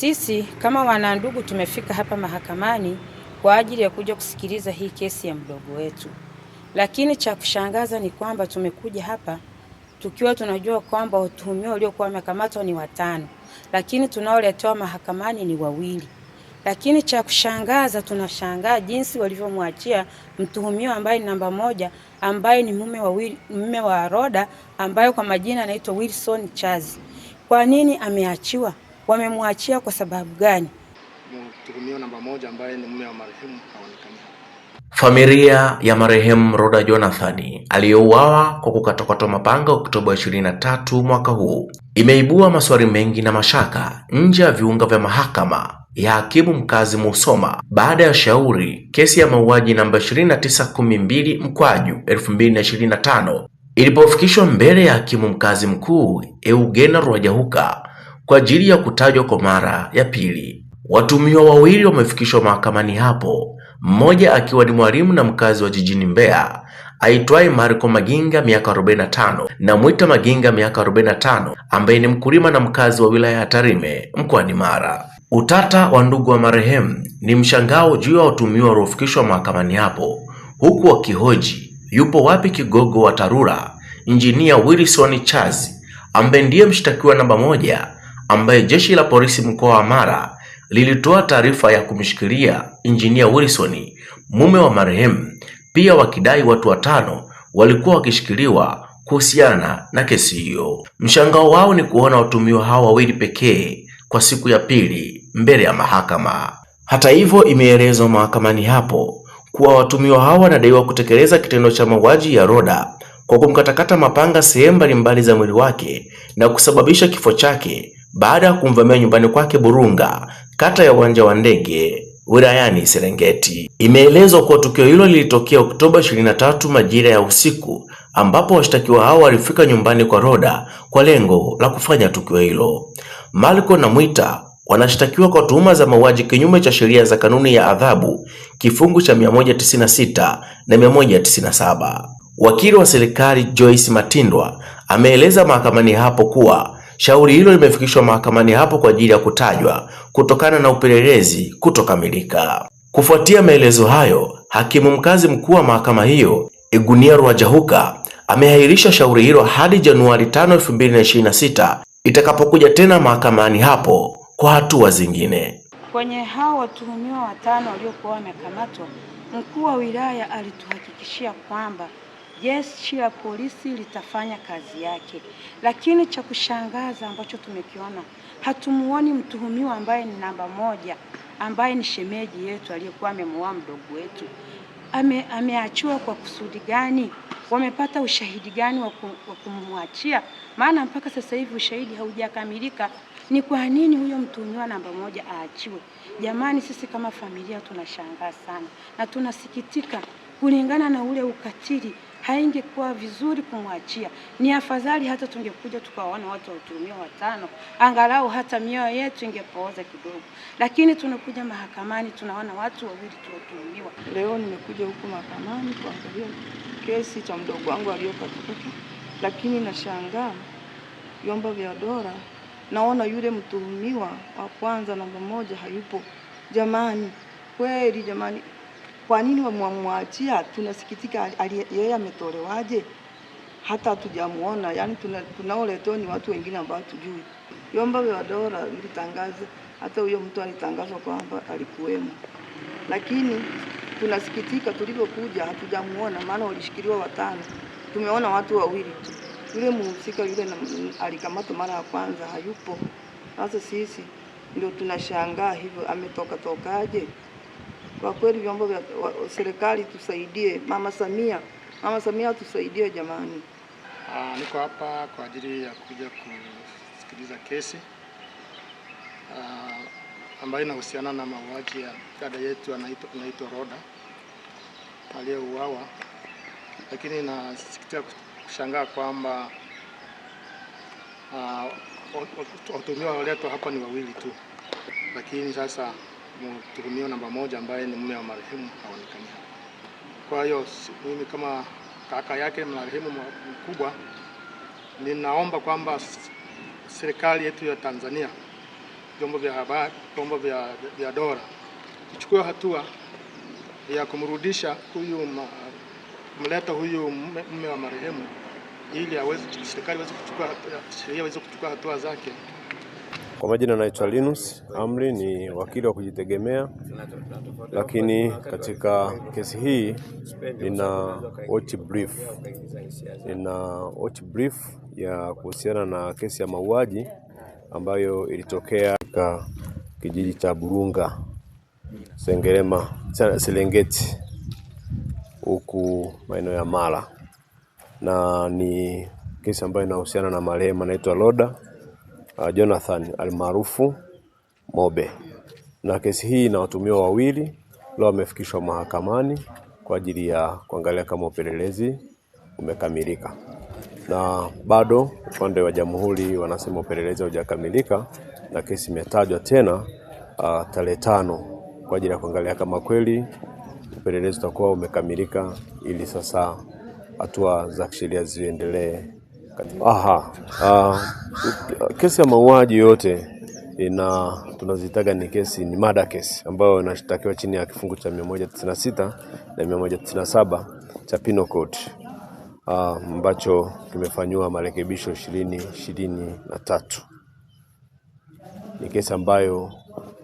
Sisi kama wanandugu tumefika hapa mahakamani kwa ajili ya kuja kusikiliza hii kesi ya mdogo wetu, lakini cha kushangaza ni kwamba tumekuja hapa tukiwa tunajua kwamba watuhumiwa waliokuwa wamekamatwa ni watano, lakini tunaoletewa mahakamani ni wawili. Lakini cha kushangaza, tunashangaa jinsi walivyomwachia mtuhumiwa ambaye ni namba moja, ambaye ni mume wa, mume wa Roda ambaye kwa majina anaitwa Wilson Chazi. Kwa nini ameachiwa? wamemwachia kwa sababu gani? Mtuhumiwa namba moja ambaye ni mume wa marehemu haonekani. Familia ya marehemu Rhoda Jonathani aliyouawa kwa kukatwakatwa mapanga Oktoba 23 mwaka huu imeibua maswali mengi na mashaka nje ya viunga vya mahakama ya hakimu mkazi Musoma baada ya shauri kesi ya mauaji namba 2912 mkwaju 2025 ilipofikishwa mbele ya hakimu mkazi mkuu Eugena Rwajahuka kwa ajili ya kutajwa kwa mara ya pili. Watumiwa wawili wamefikishwa mahakamani hapo, mmoja akiwa ni mwalimu na mkazi wa jijini Mbeya aitwaye Marco Maginga miaka 45 na Mwita Maginga miaka 45 ambaye ni mkulima na mkazi wa wilaya ya Tarime mkoani Mara. Utata wa ndugu wa marehemu ni mshangao juu ya watumiwa waliofikishwa mahakamani hapo, huku wakihoji yupo wapi kigogo wa TARURA Injinia Wilson Chazi ambaye ndiye mshtakiwa namba moja ambaye jeshi la polisi mkoa wa Mara lilitoa taarifa ya kumshikilia Injinia Wilson mume wa marehemu, pia wakidai watu watano walikuwa wakishikiliwa kuhusiana na kesi hiyo. Mshangao wao ni kuona watumiwa hao wawili pekee kwa siku ya pili mbele ya mahakama. Hata hivyo, imeelezwa mahakamani hapo kuwa watumiwa hao wanadaiwa kutekeleza kitendo cha mauaji ya Roda kwa kumkatakata mapanga sehemu mbalimbali za mwili wake na kusababisha kifo chake baada ya kumvamia nyumbani kwake Burunga, kata ya uwanja wa ndege wilayani Serengeti. Imeelezwa kuwa tukio hilo lilitokea Oktoba 23 majira ya usiku, ambapo washtakiwa hao walifika nyumbani kwa Roda kwa lengo la kufanya tukio hilo. Marco na Mwita wanashtakiwa kwa tuhuma za mauaji kinyume cha sheria za kanuni ya adhabu kifungu cha 196 na 197. Wakili wa serikali Joyce Matindwa ameeleza mahakamani hapo kuwa Shauri hilo limefikishwa mahakamani hapo kwa ajili ya kutajwa kutokana na upelelezi kutokamilika. Kufuatia maelezo hayo, hakimu mkazi mkuu wa mahakama hiyo Egunia Rwajahuka ameahirisha shauri hilo hadi Januari 5, 2026 itakapokuja tena mahakamani hapo kwa hatua zingine. Kwenye hao watuhumiwa watano waliokuwa wamekamatwa, mkuu wa wilaya alituhakikishia kwamba jeshi la polisi litafanya kazi yake, lakini cha kushangaza ambacho tumekiona, hatumuoni mtuhumiwa ambaye ni namba moja, ambaye ni shemeji yetu aliyekuwa amemuoa mdogo wetu. Ame, ameachiwa kwa kusudi gani? Wamepata ushahidi gani wa kumwachia? Maana mpaka sasa hivi ushahidi haujakamilika. Ni kwa nini huyo mtuhumiwa namba moja aachiwe? Jamani, sisi kama familia tunashangaa sana na tunasikitika kulingana na ule ukatili haingekuwa vizuri kumwachia. Ni afadhali hata tungekuja tukawaona watu wautumia watano, angalau hata mioyo yetu ingepooza kidogo, lakini tunakuja mahakamani tunaona watu wawili tu watuhumiwa. Leo nimekuja huku mahakamani kuangalia kesi cha mdogo wangu aliyopatikana, lakini nashangaa vyombo vya dola, naona yule mtuhumiwa wa kwanza namba moja hayupo. Jamani kweli, jamani kwa nini wamwamwachia? Tunasikitika, yeye ametolewaje? Hata hatujamuona. Yani tunaoletewa ni watu wengine ambao tujui. Vyombo vya dola vilitangaza, hata huyo mtu alitangazwa kwamba alikuwemo, lakini tunasikitika, tulivyokuja hatujamuona, maana walishikiliwa watano, tumeona watu wawili tu. Yule mhusika yule alikamatwa mara ya kwanza, hayupo. Sasa sisi ndio tunashangaa hivyo, ametoka tokaje? Kwa kweli vyombo vya serikali tusaidie, mama Samia, mama Samia tusaidie jamani. Aa, ah, niko hapa kwa ajili ya kuja kusikiliza kesi ah, ambayo inahusiana na mauaji ya dada yetu anaitwa Roda aliyeuawa, lakini nasikitia kushangaa kwamba ah, watuhumiwa walioletwa hapa ni wawili tu, lakini sasa mtuhumiwa namba moja ambaye ni mume wa marehemu haonekani hapa. Kwa hiyo mimi kama kaka yake marehemu mkubwa, ninaomba kwamba serikali yetu ya Tanzania, vyombo vya habari, vyombo vya, vya dola ichukue hatua ya kumrudisha huyu, kumleta huyu mume wa marehemu ili serikali iweze kuchukua sheria iweze kuchukua hatua zake. Kwa majina naitwa Linus Amri, ni wakili wa kujitegemea, lakini katika kesi hii nina watch brief, nina watch brief ya kuhusiana na kesi ya mauaji ambayo ilitokea katika kijiji cha Burunga Sengerema Serengeti, huku maeneo ya Mara, na ni kesi ambayo inahusiana na marehemu anaitwa Roda uh, Jonathan almaarufu Mobe, na kesi hii na watumiwa wawili leo wamefikishwa mahakamani kwa ajili ya kuangalia kama upelelezi umekamilika, na bado upande wa jamhuri wanasema upelelezi haujakamilika na kesi imetajwa tena uh, tarehe tano kwa ajili ya kuangalia kama kweli upelelezi utakuwa umekamilika ili sasa hatua za kisheria ziendelee Aha. Uh, kesi ya mauaji yote ina tunazitaga ni kesi ni mada kesi ambayo inashtakiwa chini ya kifungu cha 196 na 197 cha Penal Code ah, ambacho uh, kimefanyiwa marekebisho ishirini ishirini na tatu. Ni kesi ambayo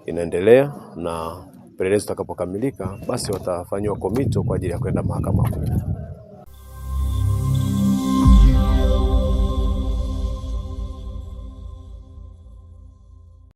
inaendelea na upelelezi utakapokamilika, basi watafanyiwa komito kwa ajili ya kwenda mahakama kuu.